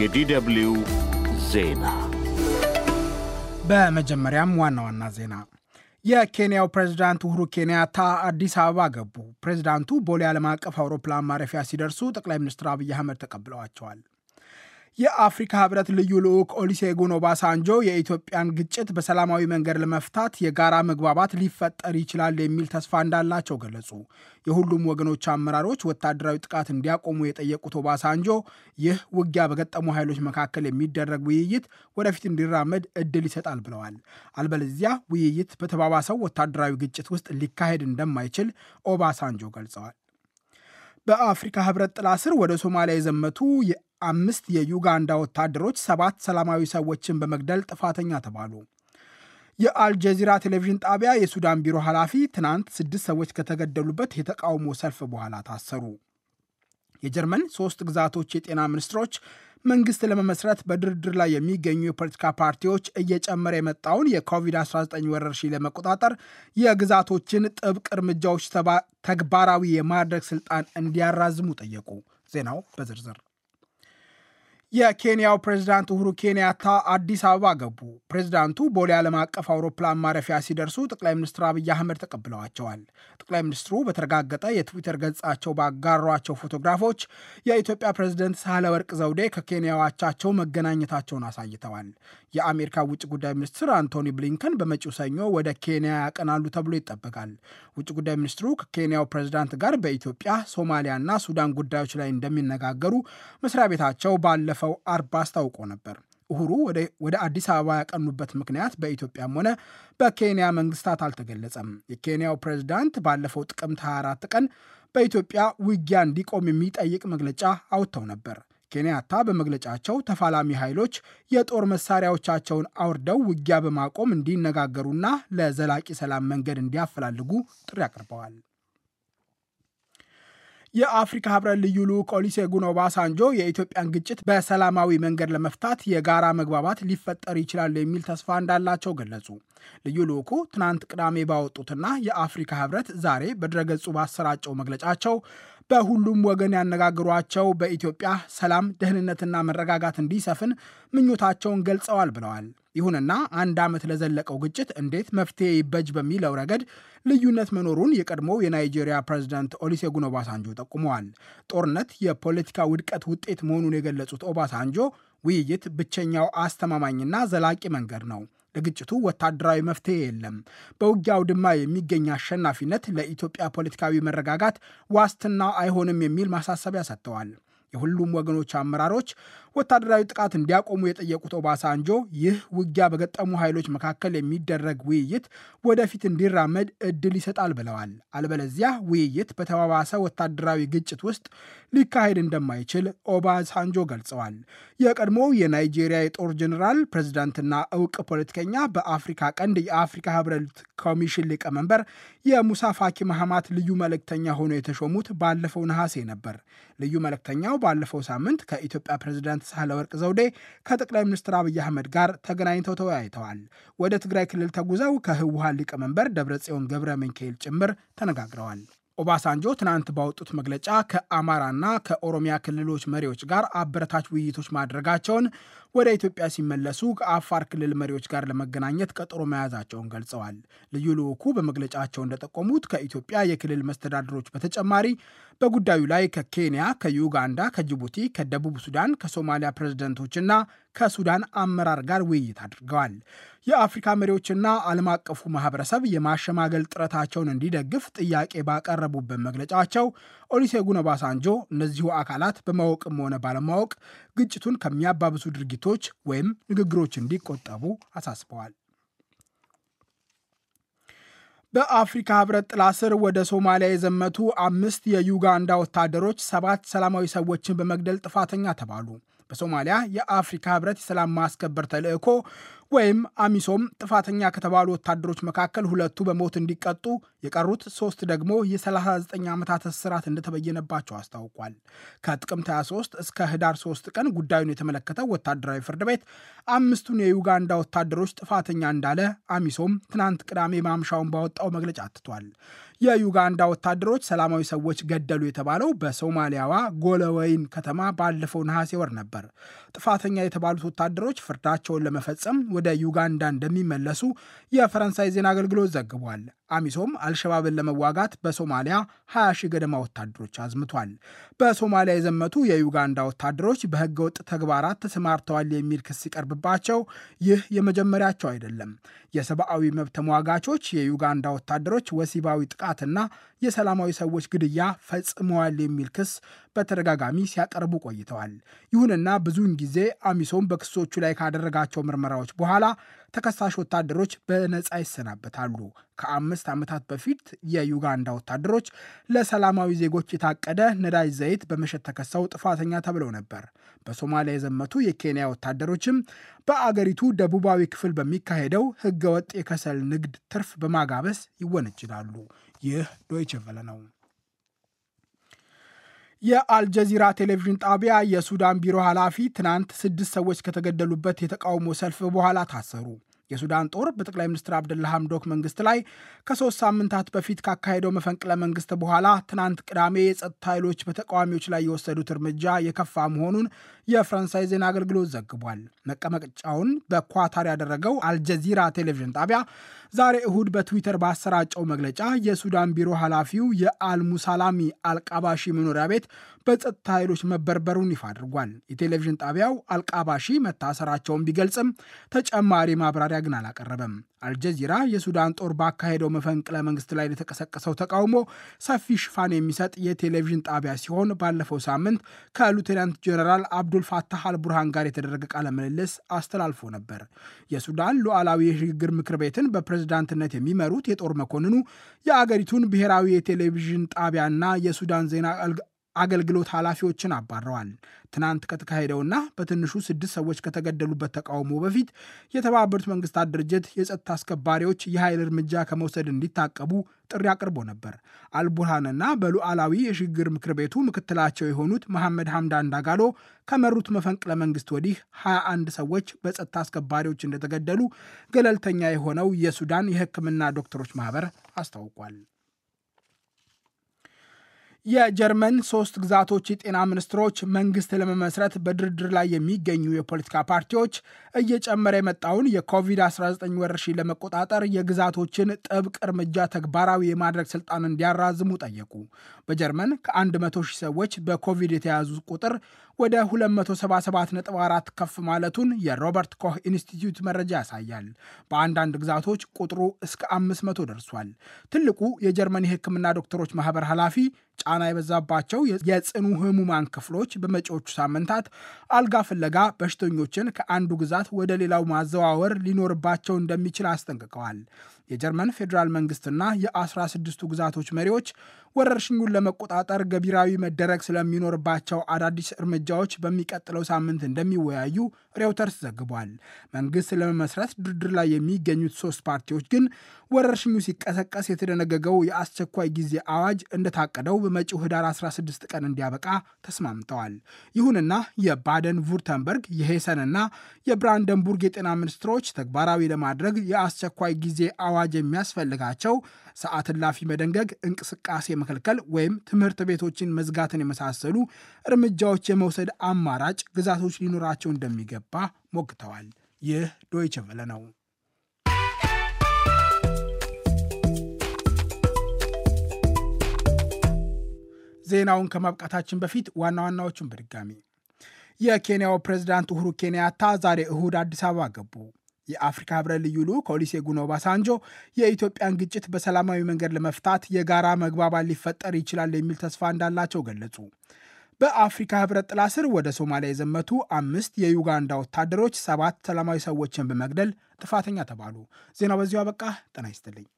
የዲደብልዩ ዜና በመጀመሪያም ዋና ዋና ዜና። የኬንያው ፕሬዝዳንት ኡሁሩ ኬንያታ አዲስ አበባ ገቡ። ፕሬዝዳንቱ ቦሌ ዓለም አቀፍ አውሮፕላን ማረፊያ ሲደርሱ ጠቅላይ ሚኒስትር አብይ አህመድ ተቀብለዋቸዋል። የአፍሪካ ህብረት ልዩ ልዑክ ኦሊሴጉን ኦባሳንጆ የኢትዮጵያን ግጭት በሰላማዊ መንገድ ለመፍታት የጋራ መግባባት ሊፈጠር ይችላል የሚል ተስፋ እንዳላቸው ገለጹ። የሁሉም ወገኖች አመራሮች ወታደራዊ ጥቃት እንዲያቆሙ የጠየቁት ኦባሳንጆ ይህ ውጊያ በገጠሙ ኃይሎች መካከል የሚደረግ ውይይት ወደፊት እንዲራመድ እድል ይሰጣል ብለዋል። አልበለዚያ ውይይት በተባባሰው ወታደራዊ ግጭት ውስጥ ሊካሄድ እንደማይችል ኦባሳንጆ ገልጸዋል። በአፍሪካ ህብረት ጥላ ስር ወደ ሶማሊያ የዘመቱ አምስት የዩጋንዳ ወታደሮች ሰባት ሰላማዊ ሰዎችን በመግደል ጥፋተኛ ተባሉ። የአልጀዚራ ቴሌቪዥን ጣቢያ የሱዳን ቢሮ ኃላፊ ትናንት ስድስት ሰዎች ከተገደሉበት የተቃውሞ ሰልፍ በኋላ ታሰሩ። የጀርመን ሶስት ግዛቶች የጤና ሚኒስትሮች መንግስት ለመመስረት በድርድር ላይ የሚገኙ የፖለቲካ ፓርቲዎች እየጨመረ የመጣውን የኮቪድ-19 ወረርሽኝ ለመቆጣጠር የግዛቶችን ጥብቅ እርምጃዎች ተግባራዊ የማድረግ ስልጣን እንዲያራዝሙ ጠየቁ። ዜናው በዝርዝር የኬንያው ፕሬዝዳንት ኡሁሩ ኬንያታ አዲስ አበባ ገቡ። ፕሬዝዳንቱ ቦሌ ዓለም አቀፍ አውሮፕላን ማረፊያ ሲደርሱ ጠቅላይ ሚኒስትር አብይ አህመድ ተቀብለዋቸዋል። ጠቅላይ ሚኒስትሩ በተረጋገጠ የትዊተር ገጻቸው ባጋሯቸው ፎቶግራፎች የኢትዮጵያ ፕሬዝደንት ወርቅ ዘውዴ ከኬንያዋቻቸው መገናኘታቸውን አሳይተዋል። የአሜሪካ ውጭ ጉዳይ ሚኒስትር አንቶኒ ብሊንከን በመጪው ሰኞ ወደ ኬንያ ያቀናሉ ተብሎ ይጠበቃል። ውጭ ጉዳይ ሚኒስትሩ ከኬንያው ፕሬዝዳንት ጋር በኢትዮጵያ ሶማሊያና ሱዳን ጉዳዮች ላይ እንደሚነጋገሩ መስሪያ ቤታቸው ባለፈ ባለፈው አርባ አስታውቆ ነበር። እሁሩ ወደ አዲስ አበባ ያቀኑበት ምክንያት በኢትዮጵያም ሆነ በኬንያ መንግስታት አልተገለጸም። የኬንያው ፕሬዝዳንት ባለፈው ጥቅምት 24 ቀን በኢትዮጵያ ውጊያ እንዲቆም የሚጠይቅ መግለጫ አውጥተው ነበር። ኬንያታ በመግለጫቸው ተፋላሚ ኃይሎች የጦር መሳሪያዎቻቸውን አውርደው ውጊያ በማቆም እንዲነጋገሩና ለዘላቂ ሰላም መንገድ እንዲያፈላልጉ ጥሪ አቅርበዋል። የአፍሪካ ህብረት ልዩ ልዑክ ኦሉሴጉን ኦባሳንጆ የኢትዮጵያን ግጭት በሰላማዊ መንገድ ለመፍታት የጋራ መግባባት ሊፈጠር ይችላል የሚል ተስፋ እንዳላቸው ገለጹ። ልዩ ልዑኩ ትናንት ቅዳሜ ባወጡትና የአፍሪካ ህብረት ዛሬ በድረገጹ ባሰራጨው መግለጫቸው በሁሉም ወገን ያነጋግሯቸው በኢትዮጵያ ሰላም፣ ደህንነትና መረጋጋት እንዲሰፍን ምኞታቸውን ገልጸዋል ብለዋል። ይሁንና አንድ ዓመት ለዘለቀው ግጭት እንዴት መፍትሄ ይበጅ በሚለው ረገድ ልዩነት መኖሩን የቀድሞው የናይጄሪያ ፕሬዚዳንት ኦሊሴጉን ኦባሳንጆ ጠቁመዋል። ጦርነት የፖለቲካ ውድቀት ውጤት መሆኑን የገለጹት ኦባሳንጆ ውይይት ብቸኛው አስተማማኝና ዘላቂ መንገድ ነው። ለግጭቱ ወታደራዊ መፍትሄ የለም። በውጊያው ድማ የሚገኝ አሸናፊነት ለኢትዮጵያ ፖለቲካዊ መረጋጋት ዋስትና አይሆንም የሚል ማሳሰቢያ ሰጥተዋል። የሁሉም ወገኖች አመራሮች ወታደራዊ ጥቃት እንዲያቆሙ የጠየቁት ኦባሳንጆ ይህ ውጊያ በገጠሙ ኃይሎች መካከል የሚደረግ ውይይት ወደፊት እንዲራመድ እድል ይሰጣል ብለዋል። አልበለዚያ ውይይት በተባባሰ ወታደራዊ ግጭት ውስጥ ሊካሄድ እንደማይችል ኦባሳንጆ ገልጸዋል። የቀድሞው የናይጄሪያ የጦር ጀኔራል ፕሬዚዳንትና እውቅ ፖለቲከኛ በአፍሪካ ቀንድ የአፍሪካ ህብረት ኮሚሽን ሊቀመንበር የሙሳ ፋኪ መሐማት ልዩ መልእክተኛ ሆነው የተሾሙት ባለፈው ነሐሴ ነበር። ልዩ መልእክተኛው ባለፈው ሳምንት ከኢትዮጵያ ሳህለ ሳህለወርቅ ዘውዴ ከጠቅላይ ሚኒስትር አብይ አህመድ ጋር ተገናኝተው ተወያይተዋል። ወደ ትግራይ ክልል ተጉዘው ከህወሀን ሊቀመንበር ደብረጽዮን ገብረ ሚካኤል ጭምር ተነጋግረዋል። ኦባሳንጆ ትናንት ባወጡት መግለጫ ከአማራና ከኦሮሚያ ክልሎች መሪዎች ጋር አበረታች ውይይቶች ማድረጋቸውን ወደ ኢትዮጵያ ሲመለሱ ከአፋር ክልል መሪዎች ጋር ለመገናኘት ቀጠሮ መያዛቸውን ገልጸዋል። ልዩ ልዑኩ በመግለጫቸው እንደጠቆሙት ከኢትዮጵያ የክልል መስተዳድሮች በተጨማሪ በጉዳዩ ላይ ከኬንያ፣ ከዩጋንዳ፣ ከጅቡቲ፣ ከደቡብ ሱዳን፣ ከሶማሊያ ፕሬዝደንቶችና ከሱዳን አመራር ጋር ውይይት አድርገዋል። የአፍሪካ መሪዎችና ዓለም አቀፉ ማህበረሰብ የማሸማገል ጥረታቸውን እንዲደግፍ ጥያቄ ባቀረቡበት መግለጫቸው ኦሊሴጉን ኦባሳንጆ እነዚሁ አካላት በማወቅም ሆነ ባለማወቅ ግጭቱን ከሚያባብሱ ድርጊቶች ወይም ንግግሮች እንዲቆጠቡ አሳስበዋል። በአፍሪካ ህብረት ጥላ ስር ወደ ሶማሊያ የዘመቱ አምስት የዩጋንዳ ወታደሮች ሰባት ሰላማዊ ሰዎችን በመግደል ጥፋተኛ ተባሉ። በሶማሊያ የአፍሪካ ህብረት የሰላም ማስከበር ተልእኮ ወይም አሚሶም ጥፋተኛ ከተባሉ ወታደሮች መካከል ሁለቱ በሞት እንዲቀጡ የቀሩት ሶስት ደግሞ የ39 ዓመታት እስራት እንደተበየነባቸው አስታውቋል። ከጥቅምት 23 እስከ ህዳር 3 ቀን ጉዳዩን የተመለከተው ወታደራዊ ፍርድ ቤት አምስቱን የዩጋንዳ ወታደሮች ጥፋተኛ እንዳለ አሚሶም ትናንት ቅዳሜ ማምሻውን ባወጣው መግለጫ አትቷል። የዩጋንዳ ወታደሮች ሰላማዊ ሰዎች ገደሉ የተባለው በሶማሊያዋ ጎለወይን ከተማ ባለፈው ነሐሴ ወር ነበር። ጥፋተኛ የተባሉት ወታደሮች ፍርዳቸውን ለመፈጸም ወደ ዩጋንዳ እንደሚመለሱ የፈረንሳይ ዜና አገልግሎት ዘግቧል። አሚሶም አልሸባብን ለመዋጋት በሶማሊያ 20 ሺህ ገደማ ወታደሮች አዝምቷል። በሶማሊያ የዘመቱ የዩጋንዳ ወታደሮች በህገ ወጥ ተግባራት ተሰማርተዋል የሚል ክስ ሲቀርብባቸው ይህ የመጀመሪያቸው አይደለም። የሰብአዊ መብት ተሟጋቾች የዩጋንዳ ወታደሮች ወሲባዊ ጥቃትና የሰላማዊ ሰዎች ግድያ ፈጽመዋል የሚል ክስ በተደጋጋሚ ሲያቀርቡ ቆይተዋል። ይሁንና ብዙውን ጊዜ አሚሶም በክሶቹ ላይ ካደረጋቸው ምርመራዎች በኋላ ተከሳሽ ወታደሮች በነጻ ይሰናበታሉ። ከአምስት ዓመታት በፊት የዩጋንዳ ወታደሮች ለሰላማዊ ዜጎች የታቀደ ነዳጅ ዘይት በመሸጥ ተከሰው ጥፋተኛ ተብለው ነበር። በሶማሊያ የዘመቱ የኬንያ ወታደሮችም በአገሪቱ ደቡባዊ ክፍል በሚካሄደው ህገወጥ የከሰል ንግድ ትርፍ በማጋበስ ይወነጅላሉ። ይህ ዶይቸ ነው። የአልጀዚራ ቴሌቪዥን ጣቢያ የሱዳን ቢሮ ኃላፊ ትናንት ስድስት ሰዎች ከተገደሉበት የተቃውሞ ሰልፍ በኋላ ታሰሩ። የሱዳን ጦር በጠቅላይ ሚኒስትር አብደላ ሐምዶክ መንግስት ላይ ከሶስት ሳምንታት በፊት ካካሄደው መፈንቅለ መንግስት በኋላ ትናንት ቅዳሜ የጸጥታ ኃይሎች በተቃዋሚዎች ላይ የወሰዱት እርምጃ የከፋ መሆኑን የፈረንሳይ ዜና አገልግሎት ዘግቧል። መቀመጫውን በኳታር ያደረገው አልጀዚራ ቴሌቪዥን ጣቢያ ዛሬ እሁድ በትዊተር ባሰራጨው መግለጫ የሱዳን ቢሮ ኃላፊው የአልሙሳላሚ አልቃባሺ መኖሪያ ቤት በጸጥታ ኃይሎች መበርበሩን ይፋ አድርጓል። የቴሌቪዥን ጣቢያው አልቃባሺ መታሰራቸውን ቢገልጽም ተጨማሪ ማብራሪያ ማብራሪያ ግን አላቀረበም። አልጀዚራ የሱዳን ጦር ባካሄደው መፈንቅለ መንግስት ላይ ለተቀሰቀሰው ተቃውሞ ሰፊ ሽፋን የሚሰጥ የቴሌቪዥን ጣቢያ ሲሆን ባለፈው ሳምንት ከሉቴናንት ጀነራል አብዱል ፋታህ አልቡርሃን ጋር የተደረገ ቃለ ምልልስ አስተላልፎ ነበር። የሱዳን ሉዓላዊ የሽግግር ምክር ቤትን በፕሬዝዳንትነት የሚመሩት የጦር መኮንኑ የአገሪቱን ብሔራዊ የቴሌቪዥን ጣቢያና የሱዳን ዜና አገልግሎት ኃላፊዎችን አባረዋል። ትናንት ከተካሄደውና በትንሹ ስድስት ሰዎች ከተገደሉበት ተቃውሞ በፊት የተባበሩት መንግስታት ድርጅት የጸጥታ አስከባሪዎች የኃይል እርምጃ ከመውሰድ እንዲታቀቡ ጥሪ አቅርቦ ነበር። አልቡርሃንና በሉዓላዊ የሽግግር ምክር ቤቱ ምክትላቸው የሆኑት መሐመድ ሐምዳን ዳጋሎ ከመሩት መፈንቅለ መንግስት ወዲህ 21 ሰዎች በጸጥታ አስከባሪዎች እንደተገደሉ ገለልተኛ የሆነው የሱዳን የሕክምና ዶክተሮች ማህበር አስታውቋል። የጀርመን ሶስት ግዛቶች የጤና ሚኒስትሮች መንግስት ለመመስረት በድርድር ላይ የሚገኙ የፖለቲካ ፓርቲዎች እየጨመረ የመጣውን የኮቪድ-19 ወረርሽኝ ለመቆጣጠር የግዛቶችን ጥብቅ እርምጃ ተግባራዊ የማድረግ ስልጣን እንዲያራዝሙ ጠየቁ። በጀርመን ከ100 ሺህ ሰዎች በኮቪድ የተያዙ ቁጥር ወደ 277.4 ከፍ ማለቱን የሮበርት ኮህ ኢንስቲትዩት መረጃ ያሳያል። በአንዳንድ ግዛቶች ቁጥሩ እስከ 500 ደርሷል። ትልቁ የጀርመን የሕክምና ዶክተሮች ማህበር ኃላፊ ጫና የበዛባቸው የጽኑ ህሙማን ክፍሎች በመጪዎቹ ሳምንታት አልጋ ፍለጋ በሽተኞችን ከአንዱ ግዛት ወደ ሌላው ማዘዋወር ሊኖርባቸው እንደሚችል አስጠንቅቀዋል። የጀርመን ፌዴራል መንግስትና የአስራ ስድስቱ ግዛቶች መሪዎች ወረርሽኙን ለመቆጣጠር ገቢራዊ መደረግ ስለሚኖርባቸው አዳዲስ እርምጃዎች በሚቀጥለው ሳምንት እንደሚወያዩ ሬውተርስ ዘግቧል። መንግስት ለመመስረት ድርድር ላይ የሚገኙት ሶስት ፓርቲዎች ግን ወረርሽኙ ሲቀሰቀስ የተደነገገው የአስቸኳይ ጊዜ አዋጅ እንደታቀደው በመጪው ህዳር 16 ቀን እንዲያበቃ ተስማምተዋል። ይሁንና የባደን ቩርተንበርግ የሄሰንና የብራንደንቡርግ የጤና ሚኒስትሮች ተግባራዊ ለማድረግ የአስቸኳይ ጊዜ አዋጅ የሚያስፈልጋቸው ሰዓት እላፊ መደንገግ፣ እንቅስቃሴ መከልከል ወይም ትምህርት ቤቶችን መዝጋትን የመሳሰሉ እርምጃዎች የመውሰድ አማራጭ ግዛቶች ሊኖራቸው እንደሚገባ ሞግተዋል። ይህ ዶይቸ ቬለ ነው። ዜናውን ከማብቃታችን በፊት ዋና ዋናዎቹን በድጋሚ የኬንያው ፕሬዝዳንት ኡሁሩ ኬንያታ ዛሬ እሁድ አዲስ አበባ ገቡ። የአፍሪካ ህብረት ልዩ ልዑክ ኦሉሴጉን ኦባሳንጆ የኢትዮጵያን ግጭት በሰላማዊ መንገድ ለመፍታት የጋራ መግባባት ሊፈጠር ይችላል የሚል ተስፋ እንዳላቸው ገለጹ። በአፍሪካ ህብረት ጥላ ስር ወደ ሶማሊያ የዘመቱ አምስት የዩጋንዳ ወታደሮች ሰባት ሰላማዊ ሰዎችን በመግደል ጥፋተኛ ተባሉ። ዜናው በዚሁ አበቃ። ጤና ይስጥልኝ።